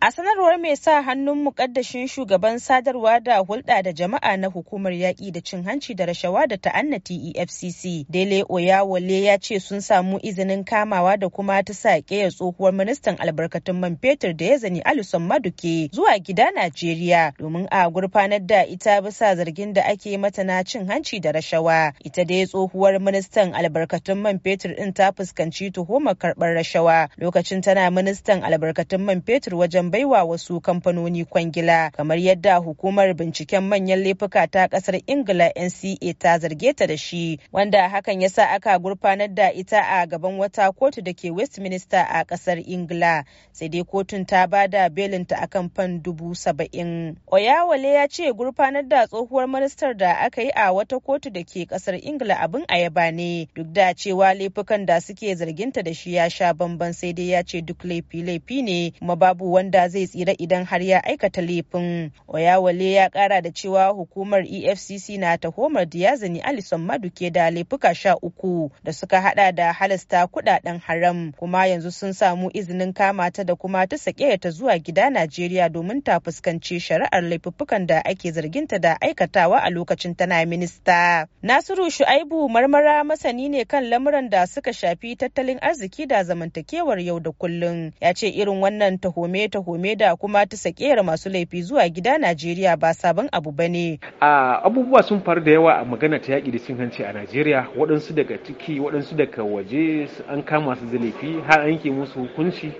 A sanarwar mai sa hannun mukaddashin shugaban sadarwa da hulɗa da jama'a na hukumar yaƙi da cin hanci da rashawa da ta'annati EFCC, Dele Oyawole ya ce sun samu izinin kamawa da kuma ta saƙe tsohuwar ministan albarkatun man fetur da ya zani Alison Maduke zuwa gida Najeriya domin a gurfanar da ita bisa zargin da ake mata na cin hanci da rashawa. Ita dai tsohuwar ministan albarkatun man fetur ɗin ta fuskanci tuhumar karɓar rashawa lokacin tana ministan albarkatun man fetur wajen bai baiwa wasu kamfanoni kwangila kamar yadda hukumar binciken manyan laifuka ta kasar ingila nca ta zarge ta da shi wanda hakan ya sa aka gurfanar da ita a gaban wata kotu da ke westminster a kasar ingila sai dai kotun ta ba da belinta akan fan dubu saba'in oyawale ya ce gurfanar da tsohuwar ministar da aka yi a wata kotu da ke kasar ingila abin ayaba ne duk da cewa laifukan da suke zarginta da shi ya sha bamban sai dai ya ce duk laifi laifi ne kuma babu wanda wanda zai tsira idan har ya aikata laifin oyawale ya kara da cewa hukumar efcc na tahomar diyazani alison maduke da laifuka sha uku da suka hada da halasta kudaden haram kuma yanzu sun samu izinin kama ta da kuma ta sake ta zuwa gida najeriya domin ta fuskanci shari'ar laifuffukan da ake zarginta da aikatawa a lokacin tana minista nasiru shu'aibu marmara masani ne kan lamuran da suka shafi tattalin arziki da zamantakewar yau da kullum ya ce irin wannan tahome tahome da kuma ta sakera masu laifi zuwa gida Najeriya ba sabon abu ba ne. Abubuwa sun faru da yawa a magana ta yaƙi da cin hanci a Najeriya waɗansu daga ciki waɗansu daga waje an kama su da laifi har an yake musu hukunci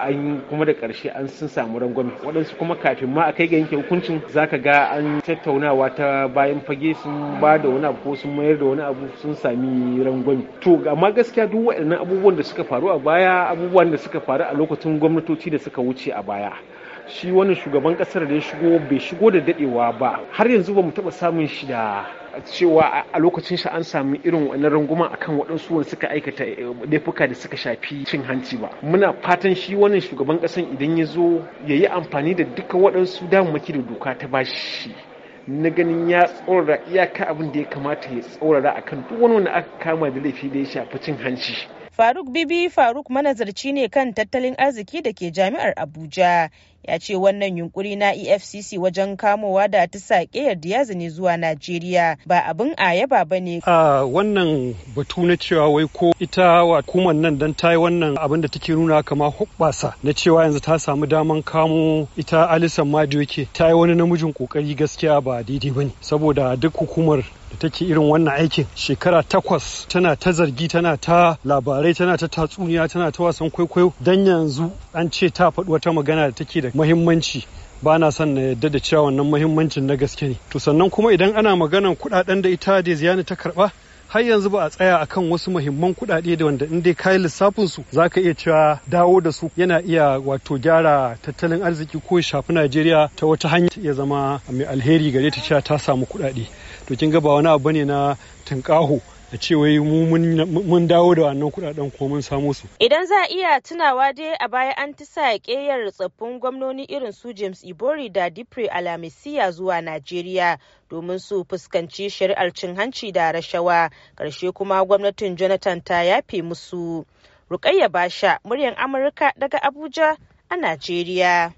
an kuma da ƙarshe an sun samu rangwame waɗansu kuma kafin ma a kai ga yanke hukuncin zaka ga an tattaunawa ta bayan fage sun ba da wani abu ko sun mayar da wani abu sun sami rangwame to amma gaskiya duk waɗannan abubuwan da suka faru a baya abubuwan da suka faru a lokacin gwamnatoci da suka wuce a baya shi wani shugaban ƙasar da ya shigo bai shigo da daɗewa ba har yanzu ba mu taba samun shi da cewa a lokacin shi an sami irin wannan ranguma akan waɗansu wanda suka aikata eh, laifuka da suka shafi cin hanci ba muna fatan shi wannan shugaban ƙasan idan ya zo ya yi amfani da duka waɗansu damammaki da doka ta bashi na ganin ya tsorara iyaka abin da ya kamata ya tsorara akan duk wani wanda aka kama da laifi da ya shafi cin hanci Faruk Bibi Faruk manazarci ne kan tattalin arziki da ke jami'ar Abuja ya ce wannan yunkuri na efcc wajen kamowa da tisaƙe ya zane zuwa najeriya ba abin a yaba ba ne a wannan batu na cewa wai ko ita hukumar nan don ta yi wannan abin da take nuna kama hoɓɓasa na cewa yanzu ta samu daman kamo ita alisan madu yake ta yi wani namijin kokari gaskiya ba daidai ba ne saboda duk hukumar da take irin wannan aikin shekara takwas tana ta zargi tana ta labarai tana ta tatsuniya tana ta wasan kwaikwayo don yanzu an ce ta faɗi wata magana da take da muhimmanci ba na son na yadda da cewa wannan muhimmancin na gaske ne to sannan kuma idan ana maganan kuɗaɗen da ita da ziyani ta karba har yanzu ba a tsaya akan wasu muhimman kuɗaɗe da wanda in dai kayi lissafin su ka iya cewa dawo da su yana iya wato gyara tattalin arziki ko shafi Najeriya ta wata hanya iya zama mai alheri gare ta cewa ta samu kuɗaɗe to kin ga ba wani abu ne na tunƙaho da cewa mu mun dawo da wannan kudaden ko mun samo su. Idan za a iya tunawa dai a baya an ta sa ƙeyar tsaffin gwamnoni irin su James Ibori da Dipre Alamisiya zuwa Najeriya domin su fuskanci shari'ar cin hanci da rashawa ƙarshe kuma gwamnatin Jonathan ta yafe musu. Rukayya Basha, muryar Amurka daga Abuja a Najeriya.